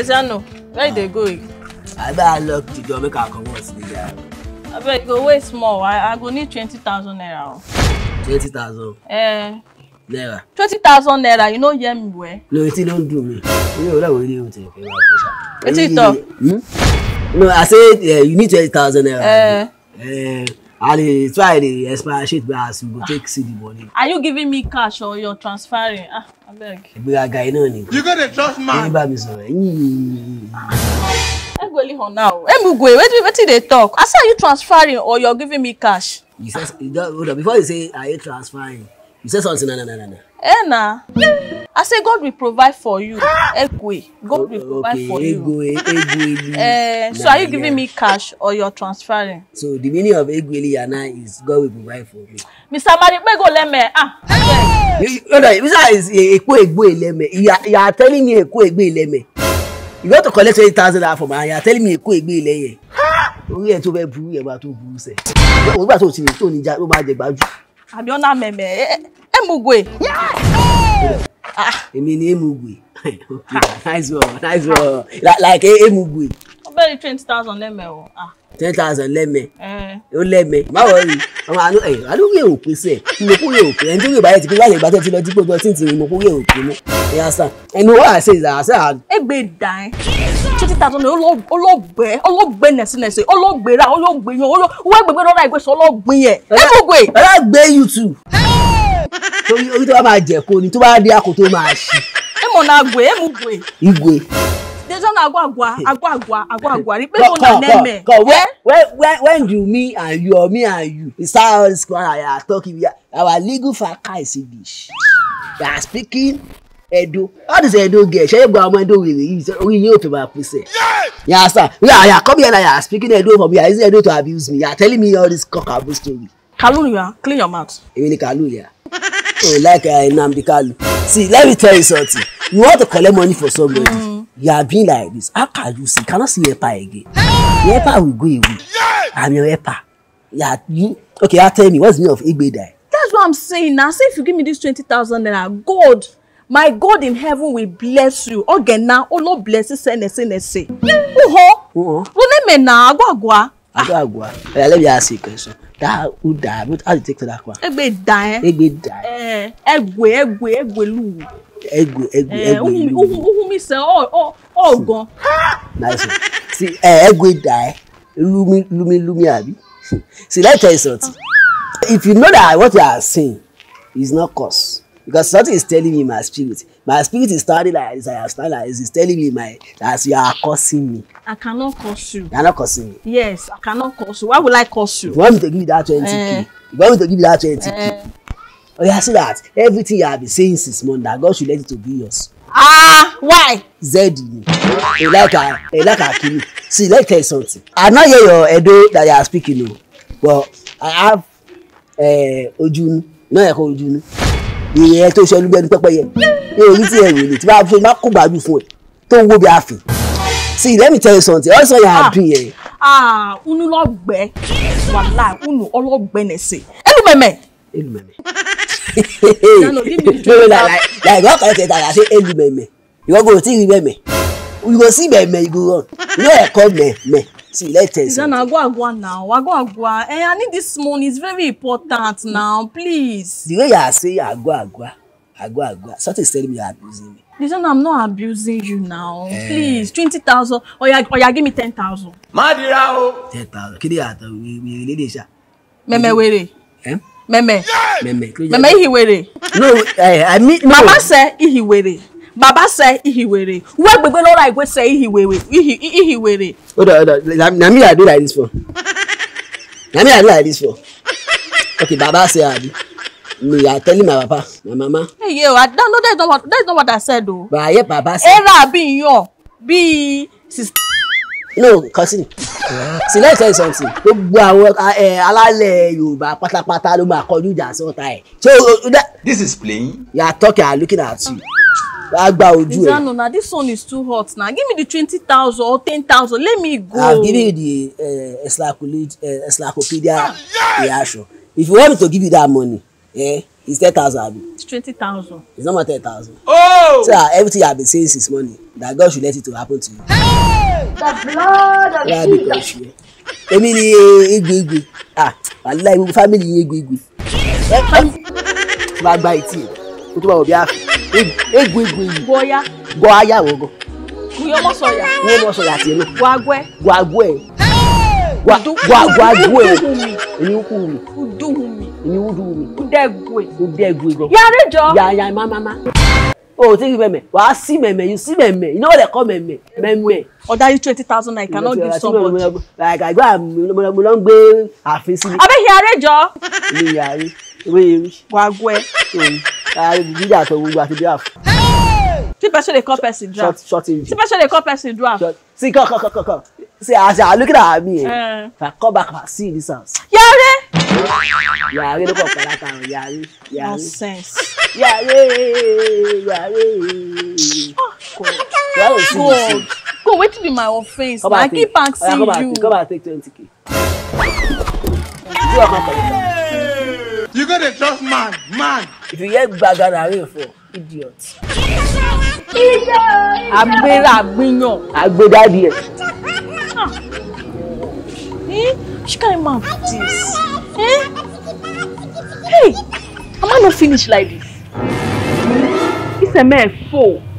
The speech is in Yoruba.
Adesina, where you dey go? I better lock the door make I comot the I Abeg go wait small, I, I go need twenty thousand naira. Twenty thousand? Eh. Naira. Twenty thousand naira, you know hear me well. No, wetin don't do me. You know that will do to pay my pressure. talk? Hmm? No, I said uh, you need twenty thousand naira. Eh. Eh. I dey try dey expatiate but as we go take see the money. Are you giving me cash or you're transferring? Ah, abeg. Ìgbéraga iná ni. You go dey trust man. Ẹni bá mi sọ̀rọ̀ ẹ̀yìn. Ẹ go leave her now. Emugwe, wetin wetin dey talk? I say are you transferring or you're giving me cash? You say, you don't, before you say are you transferring? You say something, no, no, no, no. Eh, na. I say God will provide for you. Egwe. Eh, God will oh, provide okay, for you. Egwe, eh, egweli. Eh, so are you giving me cash or you're transferring? So the meaning of egweli yana is God will provide for me. Mr. Maripego Leme. Ah. Hey! No, no, Mr. is Egwe Leme. You are, you are telling me Eko Egwe Leme. You want to collect 20,000 naira from her, you are telling me Eko Egwe Leme. We are to be burú yẹn bá tó burú sẹ̀. to tó ti ní tó ní já ló Abiona mẹ̀mẹ̀ Emugwe. Èmi ni Emugwe. Nice one, nice one. Like e, Emugwe. Ó bẹ̀rẹ̀ twenty thousand lẹ́mẹ̀ o. Ah. Ten thousand lẹ́mẹ̀. Eh. Ó lẹ́mẹ̀. Báwo ni? Àwọn àánú ẹ̀ àdúgbò yẹ̀ òpin sẹ̀. Mo kú yẹ̀ òpin. Ẹni tó yẹ̀ báyẹ̀ ti pé láyẹ̀ ìgbà tó ti lọ dípò tó ti ń tì mí. Mo kú yẹ̀ òpin mú. Ẹ̀yà sàn. Ẹnu wà á ṣe ìdàgbàsá. Ẹ gbé ìdá ẹ dàtọ ni olóògbé olóògbé nẹsínẹsẹ olóògbéra olóògbé yan owó ẹgbẹgbẹ lọ́dà ìgbésọ olóògbé yẹn ẹgbẹgbẹ. ọlọ́gbé youtube torí orí tó bá máa jẹ kó ni tó bá dé àkótó máa ṣe. ẹ mọ̀ na àgbẹ̀ ẹ mú gbẹ̀. igwe. dejan na agwagwa agwagwa agwagwa ni pé mo nà nẹ́mẹ̀. kọ kọ when you me and you or me and you is how this one i talking, our legal fakai english they are speaking Edo. How does Edo get? Shall you go and do with it? We you to my pussy. Yeah, sir. Yeah, yeah. Come here, like you are speaking Edo for me. Is Edo to abuse me? You telling me all this cockaboo story. Kaluya, clean your mouth. Even Kaluya. Oh, like I uh, Nnamdi Kalu. See, let me tell you something. You want to collect money for somebody. Mm. You are being like this. How can you see? You cannot see Epa again. Hey! Epa will go away. Yeah! I'm your Epa. Yeah, you. Okay, now tell me, what's the meaning of Igbe die? That's what I'm saying. Now, say if you give me this twenty 20,000 naira, God my god in heaven will bless you ogena olo oh, bless senese nese uho uho wone mena agwagwa agwagwa ah. eh let me ask you a question that uda but how do you take to that one egbe da eh egbe da eh egwe egwe egwe lu egwe egwe eh, egwe lu uhu mi se o oh, o oh, ogan nice see eh egwe da eh? lumi lumi lumi abi see let me tell you something if you know that what you are saying is not cause because something is telling me my spirit my spirit is standing like this i am standing like this it's telling me my that you are cursing me. i cannot curse you. you are not cursing me. yes i cannot curse you why would i curse you. you want me to give you that twenty k eh. you want me to give you that twenty k eh. Oh, yeah. see that everything you have been saying since monday god should let it to be yours. ah why. zed ni like a akini see let me tell you something i no hear your edo that you are speaking o but i have uh, ojunu no hear ko ojunu ìyẹn tó ṣe olúgbẹ́ni pẹ́pẹ́yẹ ní orí tí ẹ rò lè tí bá fi má kó gbàgbé fún ẹ tó ń wó bí àfin see let me tell you something also you happy eh ah, ah unu logbe wala unu ologbe nese elu meme elu meme no no give me no like like what kind of thing i say elu meme you go see meme you go see meme you go run you go call meme See, let's tell you. Then agwa now. Agwa agwa. Hey, eh, I need this money. It's very important now. Please. The way you are saying agwa agwa, agwa something is telling me you are abusing me. Listen, I'm not abusing you now. Eh. Please, 20,000. Or you, or you give me 10,000. Madira o. 10,000. Kí ni yàtọ̀ wèrè lè ṣá? Mẹ́mẹ́ wèrè. Mẹ́mẹ́. Mẹ́mẹ́. Mẹ́mẹ́ ìhìwèrè. No, eh, I mean, no. Mama said ìhìwèrè. Baba sẹ ihiwere wẹ gbẹgbẹ lọra ìwé sẹ ihiwere ihiwere. hold on hold on na me i do like this for na me i do like this for okay baba say abi me i tell you my papa my mama. eye o that no that not what that is not what i said o. but i hear baba say. era bi yan bi sista. no cousin see let me tell you something gbogbo àwọn eh, alálẹ̀ yorùbá pátápátá ló máa kọjú ìjà sọ́ta ẹ̀. Uh, this is playing. you are talking and looking at you agba ojú ẹ. Lizano na this one is too hot na give me the twenty thousand or ten thousand let me go. I'll ah, give you the uh, encyclopedia uh, reaction if you want me to give you that money eh, it's ten thousand abi. It's twenty thousand. It's not my ten thousand. Oh! So uh, everything I've been saying since morning that God should let it to happen to you. Hey! The blood of yeah, Jesus. Yeah, because èmi ni egbe eh, egbe ah family. ìwé fámìlì egbe egbe. Bá gba ìtì o tún bá wọ bí àfẹ egbò egbò yìí gbọ́yà gbọ́yà wọ̀gọ́. mi ò mọ̀ sọ̀yà. mi ò mọ̀ sọ̀yà tiẹ̀ lọ. gwagwẹ́. gwagwẹ́ gwagwagwe èmi ń kú mi. udu mi. èmi ń du mi. udẹ́gwe. udẹ́gwe gan. yàrá jọ. yàyà mamama. o ti rí mẹ̀mẹ̀ wà á sí mẹ̀mẹ̀ you see mẹ̀mẹ̀ you know what they call mẹ̀mẹ̀ mẹ̀mẹ̀. ọ̀dà yìí twenty thousand naira cannot give somebody. like àgbà mo lọ ń gbé àfin sí mi. abẹ́ yàrá jọ. èmi yàrá èmi yẹrí. wàá gbẹ. Nigeria àti gbogbo àti draft. Tí person dey call person draft. Short short Tí person dey call person draft. See come come come come come. See as I look at me. Eh, eh. If I come back I see this house. Yare. Yare ló kọ̀ pẹ̀lú àtàwọn yare. Yare. Nonsense. Yare yare. Ah, yare ò sí mi sí. Go wetin be my offence? Na I keep asking you. Come and take twenty k. Do your hand for the car dey just man man. if you hear gbàgà na rain fall idiot. agbèrè àgbìyàn àgbèdàdì ẹ. Eh? she carry man for this. Eh? hey I'm not finish like this. isẹ̀mẹ́ ẹ̀ fò.